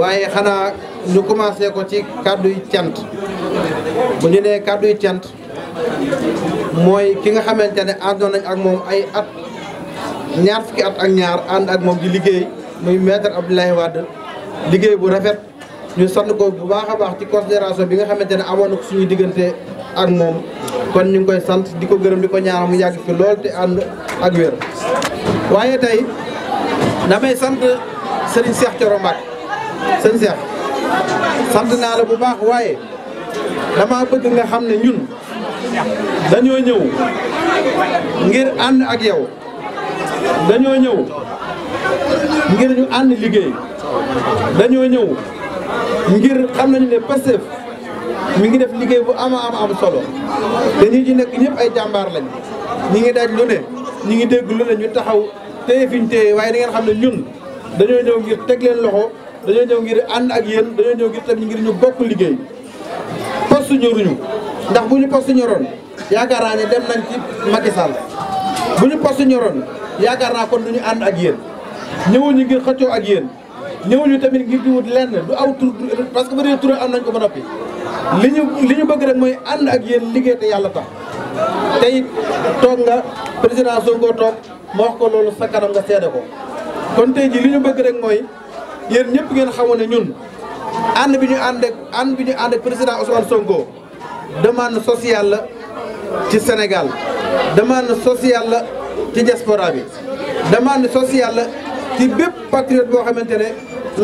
waaye xanaa ñu commencé ko ci kàddu yu cant bu ñu nee kàddu yu cant mooy ki nga xamante ne àndoon nañ ak moom ay at ñaar fukki at ak ñaar ànd ak moom di liggéey muy maître Abdoulaye Wade liggéey bu rafet ñu sant ko bu baax a baax ci considération bi nga xamante ne amoon na ko suñuy diggante ak moom kon ñu ngi koy sant di ko gërëm di ko ñaanal mu yàgg fi lool te ànd ak wér waaye tey damay sant Serigne Cheikh Thioro sëñ Cheikh sant naa la bu baax waaye dama bëgg nga xam ne ñun dañoo ñëw ngir ànd ak yow dañoo ñëw ngir ñu ànd liggéey dañoo ñëw ngir xam nañu ne Pastef mi ngi def liggéey bu ama am am solo te ñi ci nekk ñëpp ay jàmbaar lañ ñi ngi daj lu ne ñi ngi dégg lu ne ñu taxaw te fi ñu waaye da ngeen xam ne ñun dañoo ñëw ngir teg loxo dañoo ñëw ngir ànd ak yéen dañoo ñëw ngir tamit ngir ñu bokk liggéey poste ñoruñu ndax bu ñu poste ñoroon yaakaar naa ne dem nañ ci Macky Sall bu ñu poste ñoroon yaakaar naa kon du ñu ànd ak yéen ñëwuñu ngir xëccoo ak yéen ñëwuñu tamit ngir di wut lenn du aw parce que bu dee tur am nañ ko ba noppi li ñu li ñu bëgg rek mooy ànd ak yéen liggéey te yàlla tax tey toog nga président Sonko toog ma wax ko loolu sa kanam nga seede ko kon tey ji li ñu bëgg rek mooy yéen ñëpp ngeen xamoon ne ñun ànd bi ñu ànd ak ànd bi ñu ànd ak président Ousmane Sonko demande sociale la ci Sénégal demande sociale la ci diaspora bi demande sociale la ci bépp patriote boo xamante ne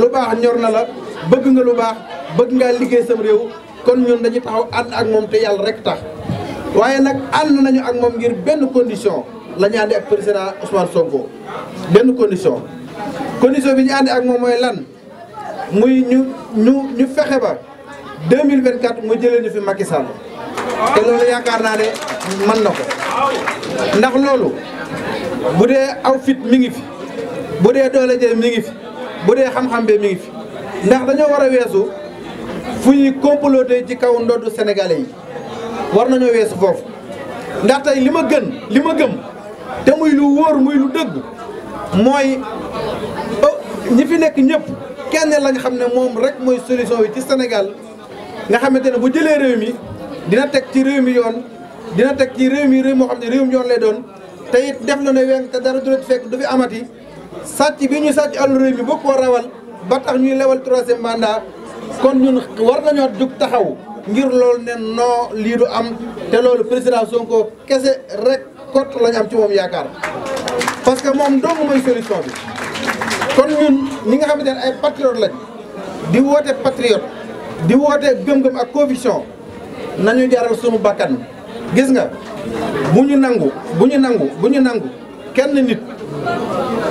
lu baax ñor na la bëgg nga lu baax bëgg ngaa liggéey sam réew kon ñun dañuy taxaw ànd ak moom te yàlla rek tax waaye nag ànd nañu ak moom ngir benn condition la ñu àndi ak président Ousmane Sonko benn condition condition bi ñu ànd ak moom mooy lan muy ñu ñu ñu fexe ba 2024 mu jëlee ñu fi Macky Sall te loolu yaakaar naa ne man na ko ndax loolu bu dee aw fit mi ngi fi bu dee doole jee mi ngi fi bu dee xam-xam bee mi ngi fi ndax dañoo war a weesu fu ñuy comploter ci kaw ndoddu sénégalais yi war nañoo weesu foofu ndax tey li ma gën li ma gëm te muy lu wóor muy lu dëgg mooy ñi fi nekk ñëpp kenn lañ xam ne moom rek mooy solution yi ci Sénégal nga xamante ne bu jëlee réew mi dina teg ci réew mi yoon dina teg ci réew mi réew moo xam ne réew mi yoon lay doon te it def na ne weng te dara du la fekk du fi amati sàcc ñu sàcc àll réew mi boo ko rawal ba tax ñuy lewal troisième mandat kon ñun war nañoo jug taxaw ngir loolu ne non lii du am te loolu président ko kese rek kot lañ am ci moom yaakaar parce que moom dong mooy solution bi. kon ñun ñi nga xamante ne ay patriote lañ di woote patriote di woote gëm-gëm ak conviction nañu jaral suñu bakkan gis nga bu ñu nangu bu ñu nangu bu ñu nangu kenn nit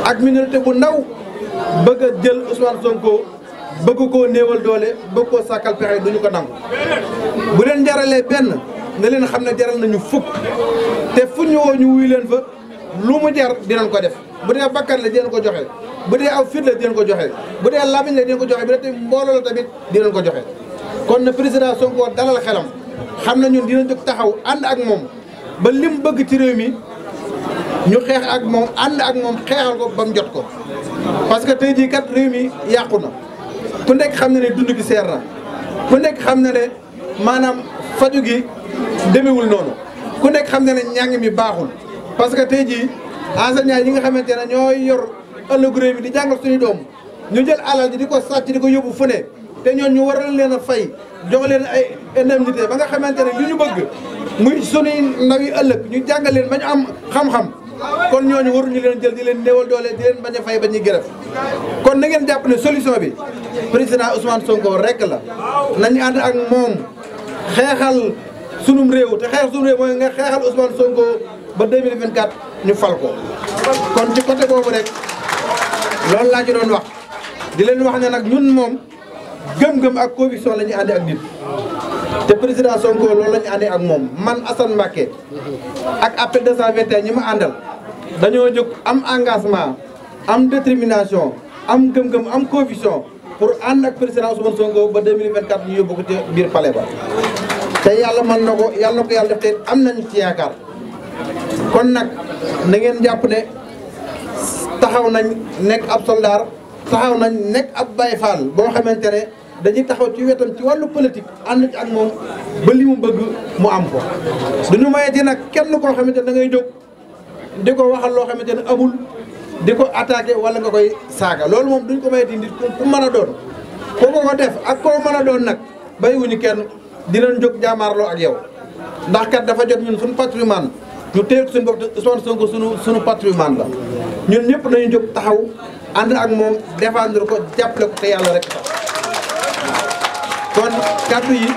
ak minorité bu ndaw bëgg jël Ousmane Sonko bëgg koo néewal doole bëgg koo sàkkal pexe duñu ko nangu bu leen jaralee benn na leen xam ne jaral nañu fukk te fu ñu woo ñu wuy leen fa lu mu jar dinañ ko def bu dee bakkan la dinañ ko joxe bu dee aw fit la dinañ ko joxe bu dee lamiñ la dinañ ko joxe bu dee tamit mbooloo la ko joxe kon na président Sonko dalal xelam xam na ñun dina jóg taxaw ànd ak moom ba lim bëgg ci réew mi ñu xeex ak moom ànd ak moom xeexal ko ba mu jot ko parce que tey jii kat réew mi yàqu na ku nekk xam na ne dund bi seer na ku nekk xam na ne maanaam faju gi demewul noonu ku nekk xam na ne ñàng mi baaxul parce que tey jii enseignants yi nga xamante ne ñooy yor ëllëgu réew bi di jàngal suñu doom ñu jël alal ji di ko sàcc di ko yóbbu fu ne te ñoon ñu waral leen a fay jox leen ay indemnité ba nga xamante ne li ñu bëgg muy suñuy ndaw yi ëllëg ñu jàngal leen ba ñu am xam-xam kon ñooñu waruñu leen jël di leen néewal doole di leen bañ a fay ba ñuy gërëf kon na ngeen jàpp ne solution bi président Ousmane Sonko rek la nañu ànd ak moom xeexal sunum réew te xeex sunum réew mooy nga xeexal Ousmane Sonko. ba 2024 ñu fal ko kon ci côté boobu rek loolu laa ci doon di leen wax ne nag ñun moom gëm-gëm ak conviction la ñu àndee te président Sonko loolu la ak moom man Assane Mbacké ak appel 221 ñi ma àndal dañoo jóg am engagement am détermination am gëm-gëm am conviction pour ànd ak président Ousmane Sonko ba 2024 ñu yóbbu ko ci biir palais ba te yàlla man na ko yàlla na ko yàlla def te am nañu ci yaakaar kon nag na ngeen jàpp ne taxaw nañ nekk ab soldaar taxaw nañ nekk ab bay Faal boo xamante ne dañuy taxaw ci wetam ci wàllu politique ànd ci ak moom ba li mu bëgg mu am ko duñu mayati nag kenn koo xamante ne da ngay jóg di ko waxal loo xamante ne amul di ko attaqué wala nga koy saaga loolu moom duñ ko mayati nit ku mën a doon koo def ak koo mën a doon nag bàyyiwuñu kenn dinañ jóg jaamaarloo ak yow ndax kat dafa jot ñun suñu patrimoine ñu téye suñu bopp Ousmane sunu sunu patrimoine la ñun ñëpp nañu jóg taxaw ànd ak moom défendre ko jàppale ko yàlla rek sax kon kàddu yi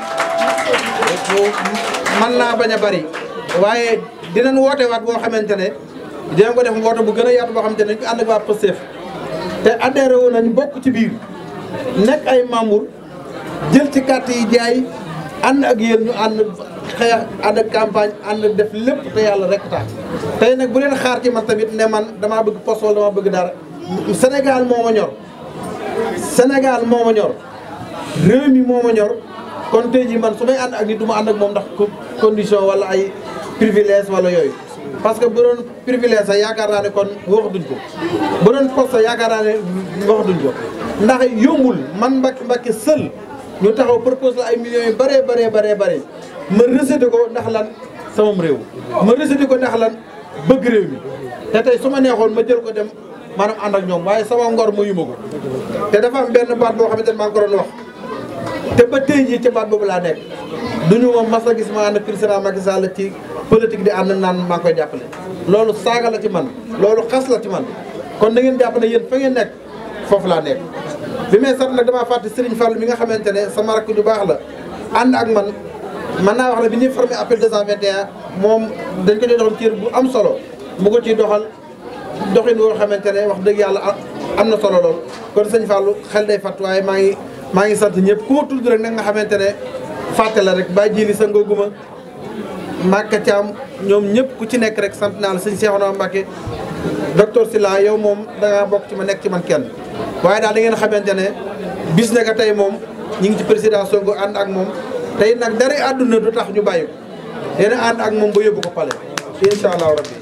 man naa bañ a bari waaye dinañ woote waat boo xamante ne dinañ ko def woote bu gën a yaatu boo xamante ne dañ ko ànd ak waa Pastef te adhéré nañu nañ bokk ci biir nekk ay membre jël ci carte yi jaay ànd ak yéen ñu ànd. xeex ànd ak campagne ànd def lépp te yàlla rek tax tey nag bu leen xaar ci man tamit ne man damaa bëgg poste wala dama bëgg dara Sénégal moo ma ñor Sénégal moo ma ñor réew mi moo ma ñor kon tey jii man su may ànd ak nit du ànd ak moom ndax condition wala ay privilège walla yooyu parce que bu doon privilège sa yaakaar naa ne kon wax duñ ko bu doon poste sax yaakaar naa ne wax duñ ko ndax yombul man Mbacké Mbacké seul ñu taxaw propose la ay millions yu bëree bëree bëree bëri ma rejeté ko ndax lan samam réew ma rejeté ko ndax lan bëgg réew mi te tey su ma neexoon ma jër ko dem maanaam ànd ak ñoom waaye sama ngor ma yuma ko te dafa am benn baat boo xamante ne maa ngi ko doon wax te ba tey jii ci baat bu laa nekk du ñu ma mas a gis ma ànd ak président saa la ci politique di ànd naan maa ngi koy jàppale loolu saaga la ci man loolu xas la ci man kon da ngeen jàpp ne yéen fa ngeen nekk foofu laa nekk bi may sant damaa fàtte Serigne Fall mi nga xamante ne sama rakk ju baax la ànd ak man mën naa wax ne bi ñuy formé appel 221 moom dañ ko joxoon cër bu am solo mu ko ciy doxal doxin woo xamante ne wax dëgg yàlla am na solo lool kon sëñ Fallou xel day fàtt waaye maa ngi maa ngi sant ñëpp ku ma tudd nga xamante ne fàtte la rek bàyyi jili sa ngooguma Màkka Thiam ñoom ñëpp ku ci nekk rek sant naa la sëñ a Mbacké docteur Sylla yow moom da bokk ci ma nekk ci man kenn waaye daal da ngeen xamante ne bis na ka tey moom ñi ngi ci président Sonko ànd ak moom tey nag dara àdduna du tax ñu bàyyi ko dina ànd ak moom ba yóbbu ko pale incha allahu rabbi